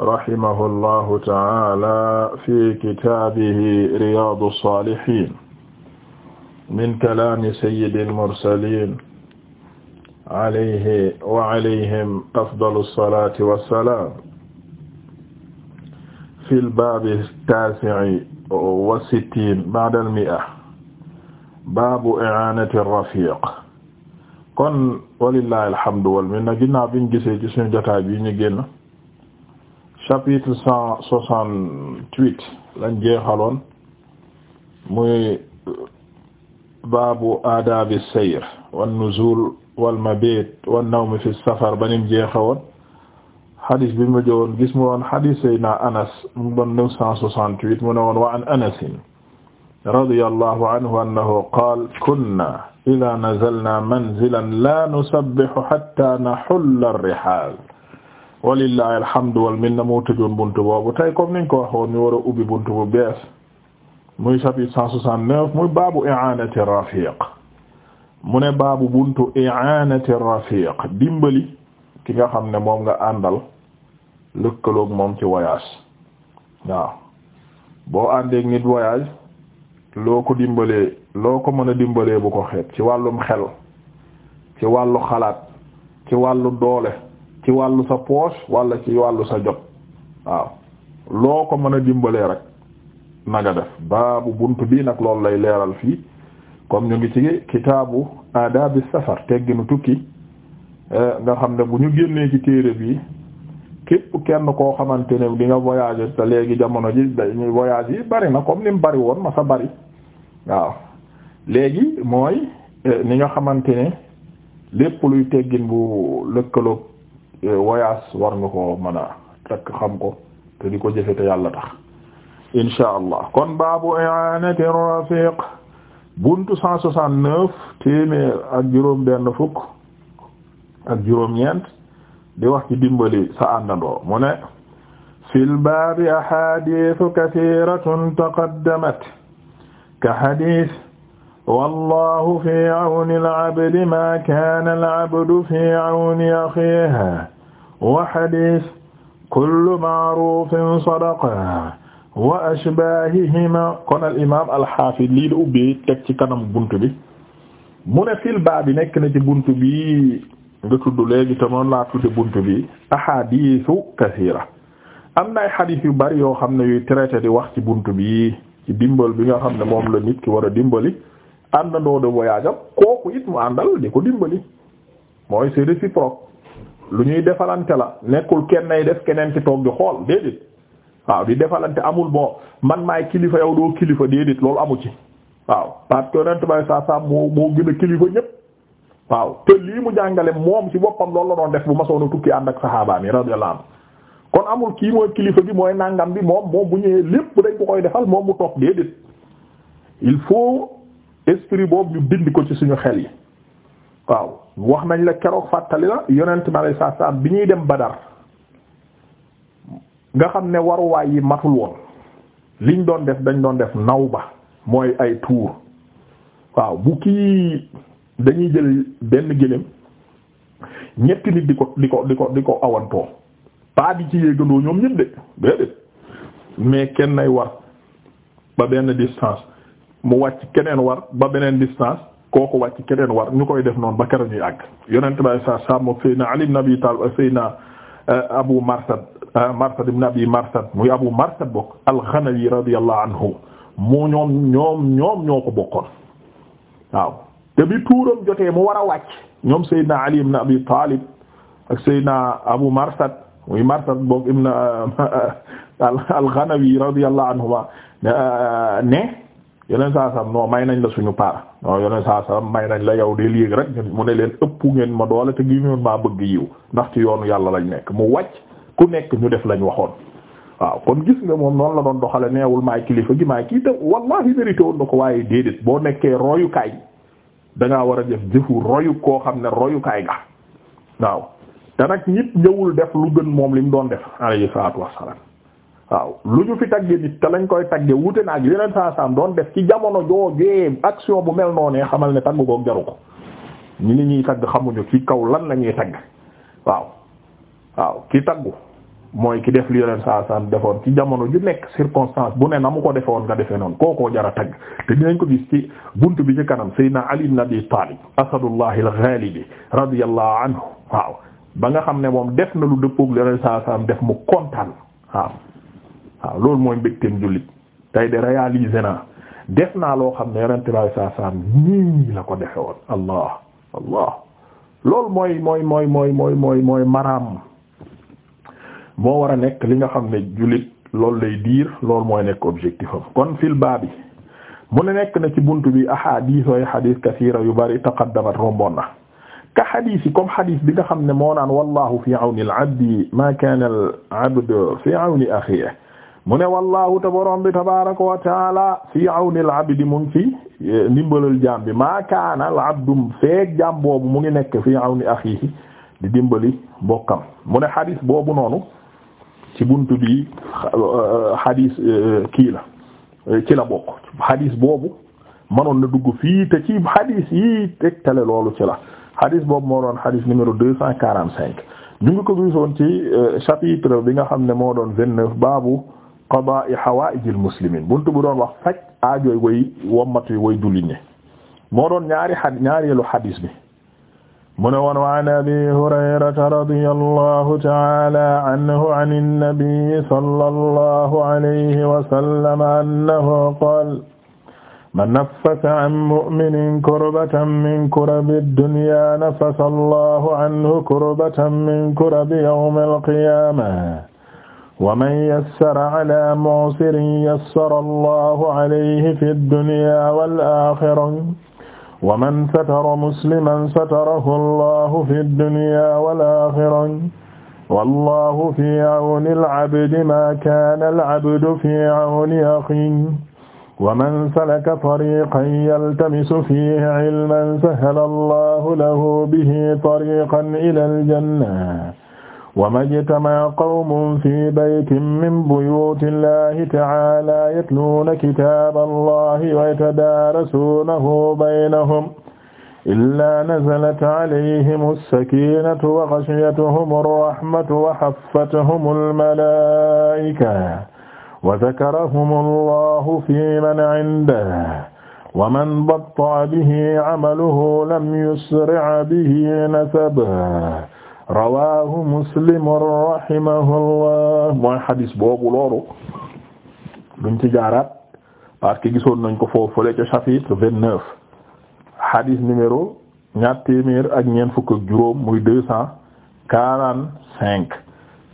rahimahullahu ta'ala fi kitaabihi riyaadu saalihiin min kalaami sayyidil mursaliin alayhi wa alayhim afdalu salaati wa salaam fil baabi taasi'i wa sittiin ba'dal mi'a baabu i'aanati rafiiq kon walillaahi alhamdu wal minna ginnaaw biñ gisee ci suñu jotaay bi ñu génn chapitre cent soixante-huit lañ jeexaloon muy baabu aadaabi sayr wan nuzul wal mabit wan nawm fi safar banim jeexawoon xadis bi mu jëwoon gis mu woon xadis Seydina Anas mu doon neuf cent soixante-huit mu ne woon wa an Anas radiyallahu anhu annahu qaala kunna idhaa nazalnaa manzilan laa nusabbihu hattaa nahulla ar-rihaal walillahi alhamdu wal na moo tëjoon buntu boobu tey comme niñ ko waxoon ñu war a ubbi buntu bu bees muy chapitre cent soixante-neuf muy baabu i'anati rafiq mu ne baabu buntu i'anati rafiq dimbali ki nga xam ne moom nga àndal lëkkaloog moom ci voyage waaw boo àndeeg nit voyage loo ko dimbalee loo ko mën a dimbalee bu ko xeet ci wàllum xel ci wàllu xalaat ci wàllu doole ci wàllu sa poche wala ci wàllu sa jot waaw loo ko mën a dimbalee rek naga def baabu bunt bii nag loolu lay leeral fii comme ñu ngi ci kitaabu adaabi safar tegginu tukki eh, nga xam ne bu ñu génnee ci téere bi képp kenn koo xamante ne di nga voyager te léegi jamono ji dañuy voyage yi bari na comme ni bari woon ma sa bari waaw léegi mooy eh, ni nga xamante ne lépp luy teggin bu lëkkaloog voyage war ko mën takk xam ko te ko jëfe te yàlla tax insha allah kon baabu i'anati rafiq buntu cent neuf téeméer ak juróom benn fukk ak juróom ñeent di wax ci dimbali sa mu ne fil baabi ahadith kathiratun taqaddamat ka hadith wallahu fi awni alabdi ma kaana alabdu fi awni axiihi wa hadiis kullu ma'ruufin sadaqa wa ashbaahihima kon al imaam alxaafid lii la ubbee teg ci kanam bunt bi mu ne fil baa bi nekk na ci bunt bi nga tudd léegi te noonu laa tudde bunt bi ahadiisu kasiira am na ay xadiis yu bari yoo xam ne yuy traité di wax ci bunt bi ci dimbal bi nga xam ne moom la nit ki war a dimbali àndandoo de voyage am kooku it mu àndal di ko dimbali mooy c'est réciproque lu ñuy defalante la nekkul kenn ay def keneen ci toog di xool déedéet waaw di defalante amul bon man maay kilifa yow doo kilifa déedéet loolu amu ci waaw parce que yonent bay saa saa moo moo gën a kilifa ñépp waaw te lii mu jàngale moom ci boppam loolu la doon def bu ma soona tukki ànd ak saxaabaa mi radiyallahu anhu kon amul kii mooy kilifa gi mooy nangam bi moom moom bu ñëwee koy defal moom mu toog déedéet esprit boobu ñu dindi ko ci suñu xel yi waaw wax nañ la keroog fàttali la yonent mi alayhi salaam bi ñuy dem Badar nga xam ne waruwaay yi matul woon liñ doon def dañ doon def naw ba mooy ay tuur waaw bu kii dañuy jël benn gëléem ñetti nit di ko di ko di ko di ko awantoo pas di ci yéegandoo ñoom ñëpp de déedéet mais kenn nay war ba benn distance mu wàcc keneen war ba beneen distance kooku wàcc keneen war ñu koy def noonu ba keroog ñuy ak yonent bay sa sam moom Seydina Ali ibn Abi Talib Seydina euh, Abu Marsad euh, Marsad ibn Abi Marsad muy Abu Marsad bokk al anhu mu ñoom ñoom ñoom ñoo ko bokkoon ñoom Seydina Ali ibn Abi Talib ak Seydina Abu Marsad muy Marsad bokk ibn euh, al-Ghanawi radiyallahu anhu ne yeneen saa saam non may nañ la suñu paar non yeneen saa saam may nañ la yow de léegi rek mu ne leen ëpp ngeen ma doole te gi maa bëgg yiw ndax ci yoonu yàlla lañu nekk mu wàcc ku nekk ñu def lañ waxoon. waaw kon gis nga moom noonu la doon doxale neewul maay kilifa gi maay kii te wallahi mérité woon na ko waaye déedéet boo nekkee royukaay da war a def jëfu royu koo xam ne royukaay ga waaw te nag ñit ñëwul def lu gën moom li ñu doon def alayhi salaatu waaw lu ñu fi tagge nit te lañ koy tagge wute na ak yeneen saa saam doon def ci jamono joojee action bu mel noonee xamal ne tagg ko jaru ko ñi ni ñuy tagg xamuñu ci kaw lan lañuy ñuy tagg waaw waaw ki taggu mooy ki def li yeneen saa saam defoon ci jamono ju nekk circonstance bu ne na mu ko defe woon nga defee noonu kookoo jara tagg te dinañ ko gis ci bunt bi ci kanam Seydina Ali ibn Abi Talib asadullahi al-ghalibi radiyallahu anhu waaw ba nga xam ne moom def na lu dëppook li yeneen def mu kontaan waaw loolu mooy mbégteem jullit tey de réalisé naa def naa loo xam ne yonente bi saa saa nii la ko defe woon allah allah loolu mooy mooy mooy mooy mooy mooy mooy maram moo war a nekk li nga xam ne julit loolu lay diir lool mooy nekk objectif am kon fil baabi mu ne nekk na ci bunt bi ahadisooy xadis kasiira yu bari taqaddamat romboon na ka xadis yi comme bi nga xam ne moo naan wallahu fi awni al abdi ma mu ne wallahu te borom bi tabaraka wa taala fi awni al abdi mu ngi fi e, ndimbalal jaam bi maa kaana al abdu feek jaam boobu mu ngi nekk fi awni axiihi di dimbali mbokkam mu ne xadis boobu noonu ci buntu bi e, xadis e, kii la ci la bokk xadis boobu manoon na dugg fii te ci xadis yi tegtale loolu ci la xadis boobu moo doon xadis numéro deux cent quarante cinq ñu ngi ko gisoon ci chapitre bi nga xam ne moo doon vingt baabu qadaa'i hawaa'ijil muslimiin buntu bu doon wax faj aajooy way wommatu way jullit ñi moo doon ñaari xad ñaareelu xadiis bi mu ne woon wa an abii hurayrata radiyallahu ta'aalaa anhu ani nabiyyi sallallahu alayhi wa sallam annahu qaala man naffasa an mu'minin kurbatan min kurabi dunyaa naffasa allahu anhu kurbatan min kurabi yawmil qiyaamah wa man yassara ala mu'sirin yassara allahu alayhi fi dunya wal akhirah wa man satara musliman satarahu allahu fi dunya wal akhirah wallahu fi awni al-abdi ma kana al-abdu fi awni akhihi wa man salaka tariqan yaltamisu fihi ilman sahala allahu lahu bihi tariqan ila aljanna wamajtama qawmun fi baytin min buyuti illahi taala yatluuna kitaaba allahi wa yatadaarasuunahu baynahum illaa nazalat alayhim alsakinatu wa gashiyatuhum alrahmatu wa haffathum almalaa'ika wa zakarahum allahu fi man cindahu wa man batta'a bihi camaluhu lam yusric bihi nasabuhu rawahu muslim rahimahullah mooy xadis boobu loolu duñ ci jaaraat parce que gisoon nañ ko foofule ca chapitre vingt-neuf xadis numéro ñaar téeméer ak ñeent fukk juróom muy deux cent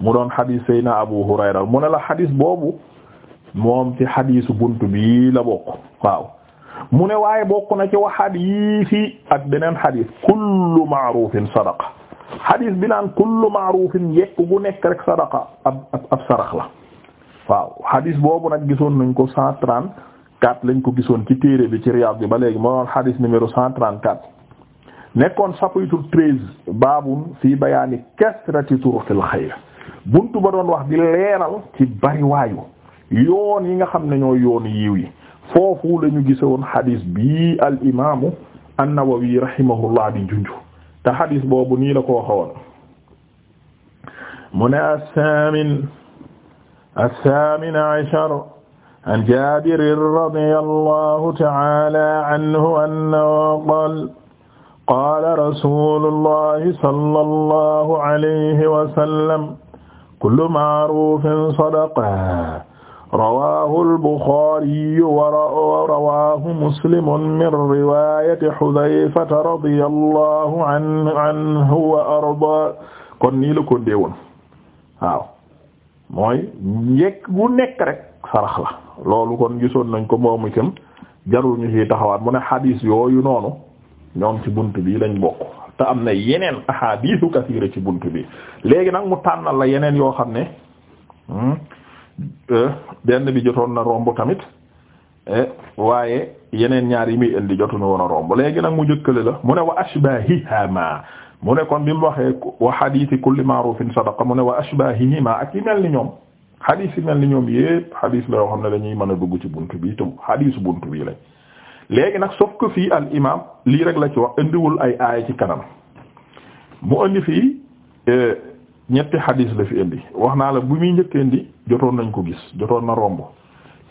mu doon xadis Seydina Abu Hurayra mu ne la xadis boobu moom ci xadisu buntu bi la bokk waaw mu ne waaye bokk na ci wa xadisi ak beneen xadis kullu ma'rufin sadaqa xadis bi naan kullu ma'rufin yekk gu nekk rek sadaqa ab ab la waaw xadis boobu nag gisoon nañ ko cent trente-quatre lañ ko gisoon ci téere bi ci Riyad bi ba léegi moo doon xadis numéro cent trente-quatre nekkoon chapitre treize baabun fii bayaani kasrati turuqil xayr buntu ba doon wax di leeral ci bari yoon yi nga xam ne ñoo yoon yiw yi foofu lañu ñu woon xadis bi al imaamu an-Nawawi rahimahullah di junju te xadis boobu nii la ko waxoon mu ne as-saamin as-saamin ashar an Jaabir radiyallahu ta'ala anhu annahu qaala qaala rasuulullahi sallallahu alayhi wa sallam kullu ma'ruufin sadaqa rawaahu al-Buxaari wa rawaahu Muslim min riwaayati Xudayfata radiyallaahu anhu wa ardaa kon nii la ko deewoon waaw mooy njëkk bu nekk rek sarax la loolu kon gisoon nañ ko moom itam jarul ñu ci taxawaat mu ne xadiis yooyu noonu ñoom ci bunt bii lañ bokk te am na yeneen axaadiisu kasiira ci bunt bi léegi nag mu tànnal la yeneen yoo xam ne. Hmm? Euh, benn bi jotoon na romb tamit eh, waaye yeneen ñaar yi muy indi jotuñu woon a romb léegi nag mu njëkkale la mu ne wa ashbahihima mu ne kon bi mu waxee wa hadith kulli ma'rufin sadaqa mu ne wa ashbahihima ak yi mel ni ñoom hadith yi mel ni ñoom yépp hadith la yoo xam ne dañuy mën a dugg ci bunt bi tam hadith bunt bii lañ léegi nag sauf que fii al imam lii rek la ci wax indiwul ay aaya ci kanam mu indi fii eh, ñetti xadis la fi indi wax naa la bu muy njëkk indi jotoon nañu ko gis jotoon na romb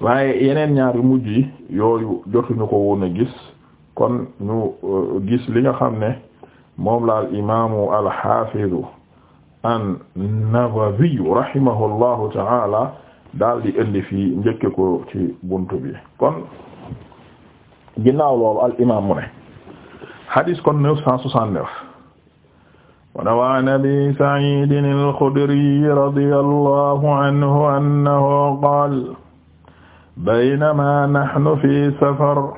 waaye yeneen ñaar yu mujj yi yooyu jotuñu ko woon a gis kon ñu euh, gis li nga xam ne moom la al imaamu al xaafidu an-Nawawi rahimahullahu taala daal di indi fii njëkke ko ci buntu bi kon ginnaaw loolu al imaam mu ne kon neuf cent soixante-neuf وروى عن أبي سعيد الخدري رضي الله عنه أنه قال بينما نحن في سفر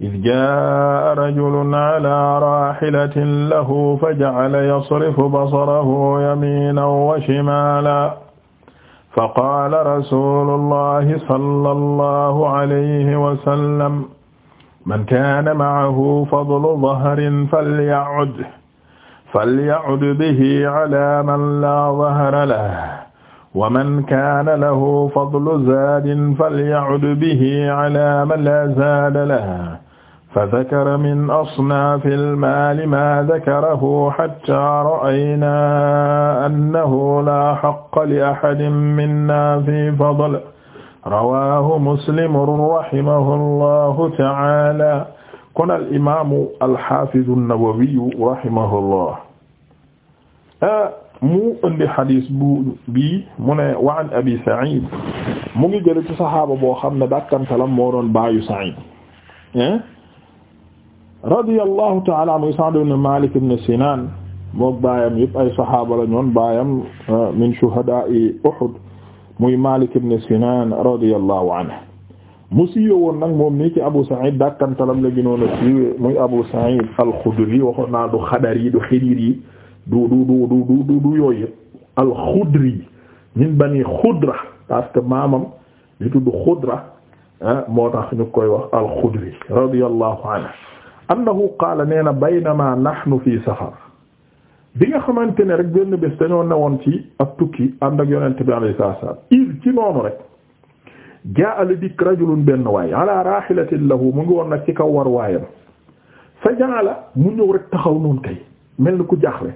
إذ جاء رجل على راحلة له فجعل يصرف بصره يمينا وشمالا فقال رسول الله صلى الله عليه وسلم من كان معه فضل ظهر فليعد falya'ud bihi ala man laa dahra lahu wa man kaana lahu fadlu zaadin falya'ud bihi ala man laa zaada lahu fadakara min asnaafil maali maa dakarahu hattaa ra'aynaa annahu laa haqqa li ahadin minnaa fii fadlihi rawaahu muslim rahimahullaahu ta'aalaa kon al imaamu alxafidu an-Nawawi rahimahullah ah, mu indi xadis bu bii mu ne wa an abi Saïd mu ngi jële ci saxaaba boo xam ne dakkantalam moo doon baayu Saïd eh? radiyallahu ta'ala anhu Sa'd ibn Malik ibn Sinan mook baayam yëpp ay saxaaba la ñoon baayam ah, min shuhada'i Uhud muy Malik ibn Sinan radiyallahu anhu mu siiwee woon nag moom nii ci Abu Sa'id dàkkantalam la gënoon a siiwee muy Abu Sa'id al-Khudri waxoon naa du xadar yi du xirir yi du du du du du du yooyu min bani Khudra parce que maamam li tudd Khudra ah, moo tax ñu koy wax al-Khudri radiyallahu anhu annahu nee na baynama nahnu fi safar bi nga xamante ne rek benn bés dañoo newoon ci ab tukki ànd ak yonent bi alayhi salaam ci noonu rek. jaa la dikk rajulun benn waay ala rahilatin lahu mu ngi woon nag ci kaw war waayam fa jaala mu ñëw rek taxaw noonu kay mel ni ku jaaxle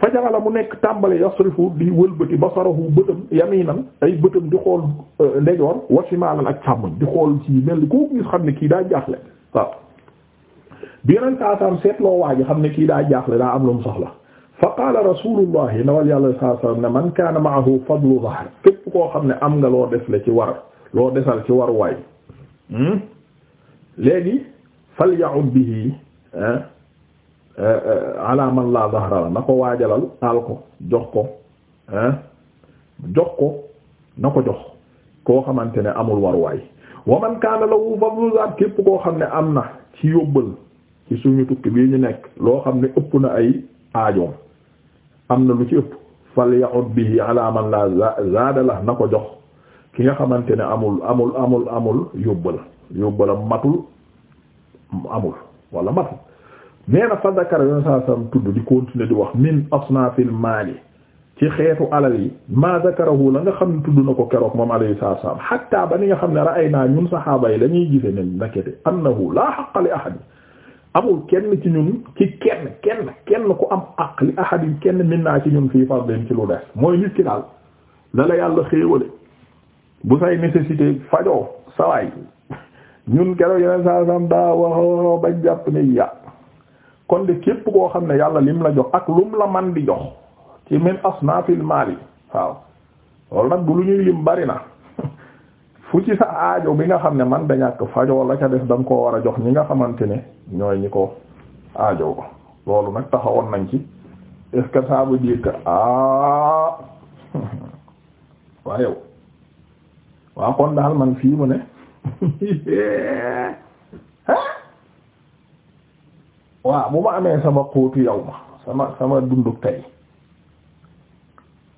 fa jaala mu nekk tàmbale yasrifu di wëlbati basarahu bëtam yaminan ay bëtam di xool euh, ndejoor wa shimaalan ak càmmoñ di xool ci mel ni koo gis xam ne kii daa jaaxle waaw bi yeneen saasaam seetloo waa ji xam ne kii daa jaaxle daa am lu mu soxla fa qaala rasulullah ndawal yàlla saa sallam ne man kaana maahu fadlu zahr képp koo xam ne am nga loo def la ci war loo desal ci waruwaay hmm? léegi fal ya'ud bihi eh, eh, ala man la zahra la na ko waajalal aal ko jox ko eh, jox ko na ko jox koo xamante ne amul waruwaay wa man kaana lahu fadlu zaat képp koo xam ne am na ci yóbbal ci suñu tukki bii ñu nekk loo xam ne ëpp na ay aajoom am na lu ci ëpp fal ya'ud bihi ala man la zaada la na ko jox ki nga xamante ne amul amul amul amul yóbbala yóbbala matul amul wala matul nee na fa dakara yon saa sam tudd di continuer di wax min asnafil maali ci xeetu alal yi ma zakarahu la nga xam ne tudd na ko keroog moom alayhi salaatu salaam hatta ba ni nga xam ne ra'ay naa ñun saxaaba yi dañuy gise ne nakete annahu laa xaqa li ahad amul kenn ci ñun ci kenn kenn kenn ku am aq li ahad kenn min naa ci ñun fii fardin ci lu des mooy nit ki daal la la yàlla xéewale bu say nécessité fajoo sawaay ñun keroog yeneen saa sam daa wax bañ jàpp ne ya kon de képp koo xam ne yàlla lim la jox ak lum la man di jox ci min asnafil mali waaw loolu nag du lu ñuy lim bari na fu ci sa aajo bi nga xam ne man da ñàkk fajoo la ca def da koo war a jox ñi nga xamante ne ñooy ñi ko aajo loolu nag taxawoon nañ ci est-ce que ça ah waaye waaw kon daal man fii mu ne waa bu ma amee sama xóotu yow ma sama sama dunduk tey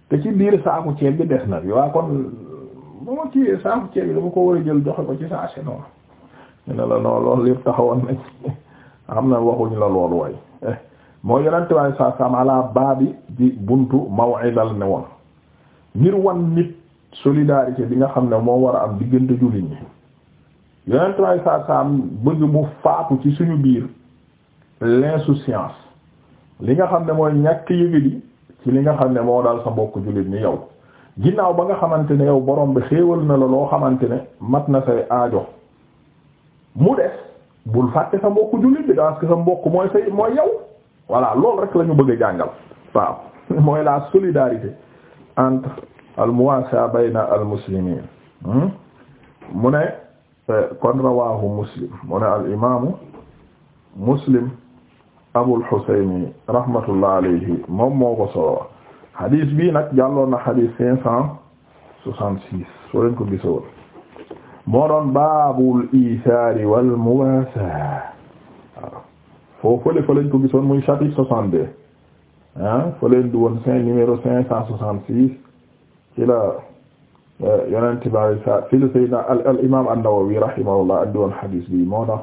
te ci biir saaku ceeb bi des na bi waaw kon bu ma kiiwee saaku ceeb bi dama ko war a jël joxe ko ci saa si noonu ñu ne la non loolu lépp taxawoon nañ xam na waxuñu la loolu way moo yonent waaye saa saam ala baabi di buntu maw'idal ne woon ngir wan nit solidarité bi nga xam ne moo war a am diggante jullit ñi yonent may saa saam bëgg mu faatu ci suñu biir l'insouciance li nga xam ne mooy ñàkk yëgadi ci li nga xam ne moo daal sa mbokk jullit ñi yow ginnaaw ba nga xamante ne yow borom bi xéewal na la loo xamante ne mat na say aajo mu des bul fàtte sa mbokk jullit bi parce que sa mbokk mooy say mooy yow voilà loolu rek lañu bëgg a jàngal waaw mooy la solidarité entre almuwaasa bayna almuslimiin hmm? mu ne eh, kon rawaahu muslim mu ne al imaamu muslim abul xuseyni rahmatullah alayhi ko solo xadiis bii nag jàlloon na xadiis cinq cent soixante six soo leen ko gisoon moo doon baabul iisaari wal muwaasa waaw foo fële fa ko gisoon muy chapitre soixante deux ah fa leen numéro soixante six ci la euh, yonente bi alei salat ci la sayyidina al imam an-Nawawi rahimahullah andi woon hadis bi moo tax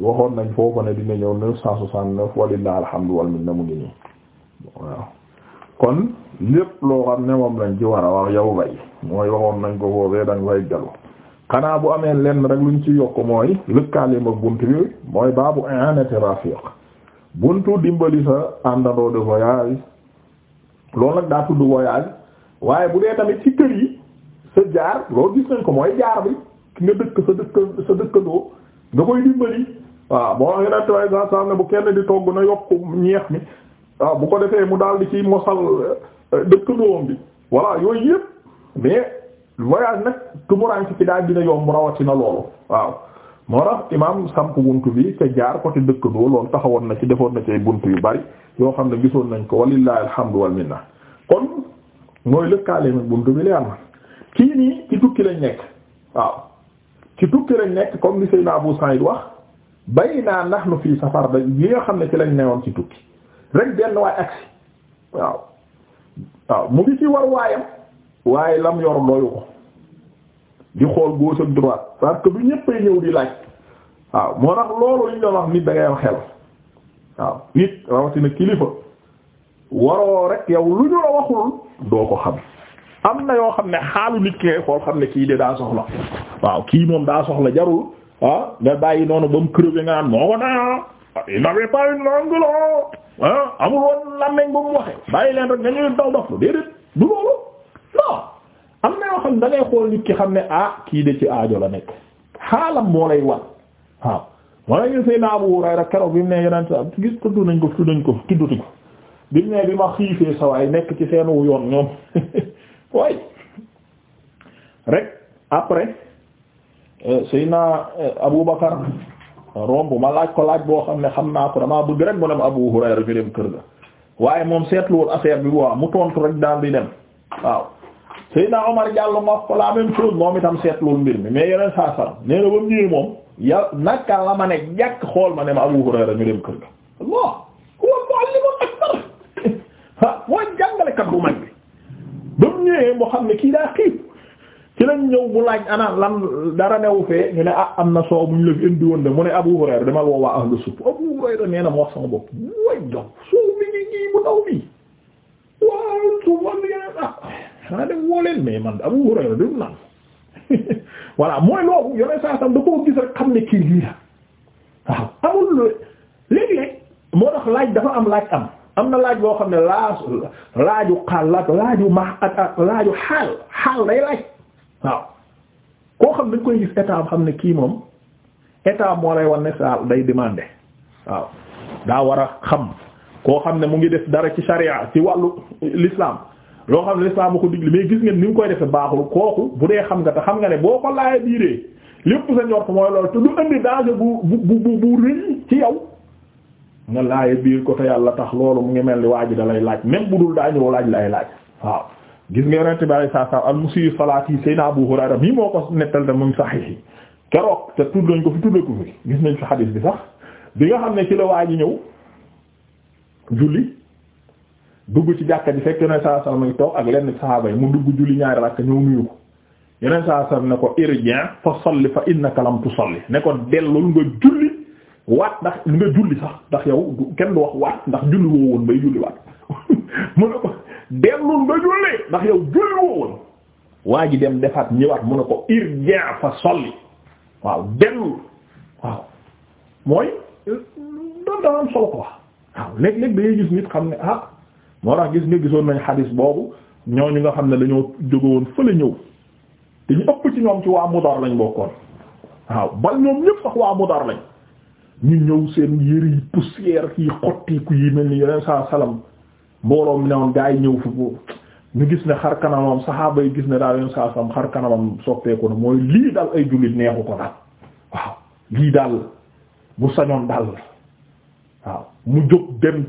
waxoon nañ foofu ne dina ñëw neuf cent soixante-neuf walillahi nii waaw kon lépp loo xam ne moom lañ ci war a wax yow bay mooy waxoon nañ ko foofee dañ fay jalu xanaa bu amee lenn rek luñ ci yokk mooy lëkkaaleem ak bunt bi mooy baabu i'anati rafiq buntu dimbali sa àndandoo de voyage loolu nag daa tudd voyage waaye bu dee tamit ci kër yi sa jaar loolu gis nañ ko mooy jaar bi ki nga dëkk sa dëkk sa dëkkandoo nga koy dimbali waaw moo wax yeneen trois cent cent ne bu kenn di togg na yokk ñeex mi waaw bu ko defee mu daal di ci mosal euh, dëkkandoom bi voilà yooyu yëpp mais voyage nag tumuraan ci daa gën a yomb rawatina loolu waaw. moo tax imaam samp buntu bi te jaar côté dëkkandoo loolu taxawoon na ci defoon na ci buntu yu bari yoo xam ne gisoon nañ ko walillahi alhamdu wal minna mooy lëkkaale nag buntu bi leer na kii nii ci tukki lañ nekk waaw ci tukki lañ nekk comme li Seydina Abu Sa'id wax bay naa nax nu fii safar da yi nga xam ne ci lañ newoon ci tukki rek benn waay agsi waaw waaw mu ngi ci war waayam waaye lam yor doyu ko di xool gauche ak droite parce que du ñëppay ñëw di laaj waaw moo tax loolu li ñu doon wax nit da am xel waaw nit rawatina kilifa waroo rek yow lu ñu la waxul doo ko xam am na yoo xam ne xaalu nit ki ngay xool xam ne kii de daa soxla waaw kii moom daa soxla jarul ah nga bàyyi noonu ba mu crevé nga naan moo ko naa ah. ah il n'avait pas une ah mu leen rek nga ñuy daw am na yoo xam ne da ngay ki xam ne ah kii de la nekk moo lay wan waaw moo lay keroog bi mu ne yeneen gis ko tudd nañ ko nañ ko tuddati ko bi bi ma xiifee sawaay nekk ci seenu yoon ñoom waaye rek après euh, Seydina euh, Abu romb ma laaj ko laaj boo xam ne xam naa ko damaa bëgg rek mu dem Abu Hurayra ñu dem kër ga waaye moom seetluwul affaire bi waa mu tontu rek daal di dem waaw Seydina Omar Diallo ma wax ko la même chose moom itam seetluwul mbir mi mais yeneen saa sara nee ba mu ñëwee moom ya naka la ma ne jàkk xool ma ne ma Abu Hurayra ñu dem kër ga ah mooy jàngalekat bu mag bi ba mu ñëwee moo xam ne kii daa xiif ci lañ ñëw mu laaj ana lan dara newu fee ñu ne ah am na soo muñ la indi woon de mu ne Abu Hurayra dama waa ahlu na mu wax sama bopp way ah mooy loolu yore saa sam da koo gis rek xam ne kii lii la waaw amul léeg-léeg moo tax laaj dafa am laaj am. am na laaj boo xam ne laa laaju xaal ak laaju ma ak laaju xaal xaal day laaj waaw koo xam dañ koy gis état xam ne kii moom état moo lay wan ne saa day demande waaw daa war a xam koo xam ne mu ngi def dara ci sharia ci wàllu l'islam loo xam ne l'islam ko digli mais gis ngeen ni mu koy defee baaxul kooku bu dee xam nga te xam nga ne boo ko laajee biiree lépp sa njort mooy loolu te du indi danger bu bu bu bu rëy ci yow. nga laaye biir ko te yàlla tax loolu mu ngi mel ni waa ji da lay laaj même bu dul daa ñëw laaj la ay laaj waaw gis nga yonente bi alayhi salaam al musii salaat yi sayna Abu Hurayra mii moo ko nettal te mu ngi saxiix keroog te tudd nañ ko fi tudd ko fi gis nañ fi xadis bi sax bi nga xam ne ci la waa ji ñëw julli dugg ci jàkka ji fekk yonent saa sallam ngi toog ak lenn sahaaba yi mu dugg julli ñaari rakk ñëw nuyu ko yonent saa sallam ne ko irji' fa salli fa innaka waat ndax nga julli sax ndax yow kenn du wax waat ndax julli woo woon bay julli waat mu ne ko dellul nga julli ndax yow julli woo woon waa ji dem defaat ñëwaat mu ne ko irja fa solli waaw dellul waaw mooy doon daan am solo ko wax waaw léeg-léeg gis nit xam ne ah moo tax gis nga gisoon nañ xadis boobu ñooñu nga xam ne dañoo jóge woon fële ñëw te ñu ëpp ci ñoom ci waa Mudar lañ bokkoon waaw bal ñoom ñëpp sax waa Mudar lañ ñu ñëw seen yëri yi poussière yi xottiku yi mel ni yeneen saa salaam mbooloo mi ne woon gaa yi ñëw fi boobu ñu gis ne xar kanamam saxaaba yi gis ne daal yeneen saa salaam xar kanamam soppeeku na mooy lii daal ay jullit neexu ko daal waaw lii daal bu sañoon daal waaw mu jóg dem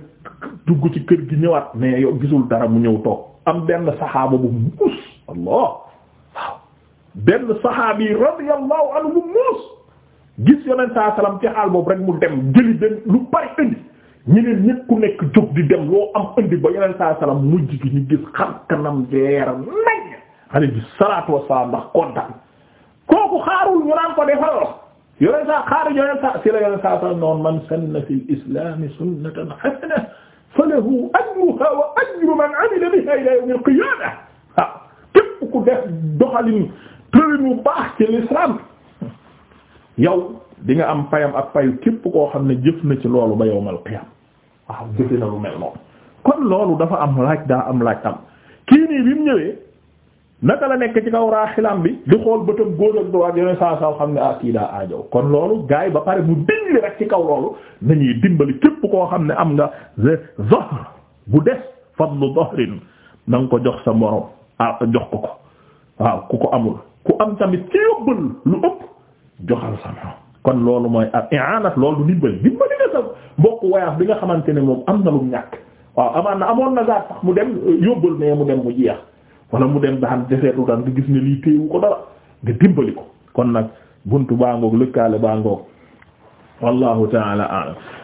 dugg ci kër gi ñëwaat mais gisul dara mu ñëw toog am benn saxaaba bu muus allah waaw benn saxaabi radiyallahu anhu bu muus gis yonent saa salaam ci xaal boobu rek mu dem jëli benn lu bari indi ñeneen ñépp ku nekk jóg di dem loo am indi ba yonent saa salaam mujj gi ñu gis xar kanam leer nañ alayhi salaatu wassalaam ndax kontaan kooku xaarul ñu naan ko defal la yonent saa xaaru yonent saa si la saa salaam noonu man sanna fil islaami sunnatan hasanatan falahu ajruha wa ajru man amila biha ila yawmil qiyaamah képp ku def doxalin tërënu baax ci l'islam yow di nga am payam ak payu képp koo xam ne jëf na ci loolu ba ma qiyam waaw jëfe lu mel noonu kon loolu dafa am laaj daa am laaj am kii nii bi mu ñëwee naka la nekk ci kaw raaxilaam bi di xool bëtam góor ak dowaat yeneen saa xam ne ah daa aajow kon loolu gaay ba pare mu ci kaw loolu dimbali képp koo xam ne am nga zahr bu des fadlu dahrin na ko jox sa morom ah, jox ko ko waaw ku ko amul ku am tamit ci yóbbal lu ëpp joxal sa kon loolu mooy ab i'anat loolu du dimbali dimbali nga sa mbokk wayaaf bi nga xamante ne moom am na lu ñàkk waaw amaan na amoon na gaar sax mu dem euh, yóbbal mais mu dem mu jeex wala mu dem daan deseetu daan nga gis ne lii téewu ko dara nga dimbali ko kon nag bunt baa ngoog lëkkaale baa wallahu ta'ala a'lam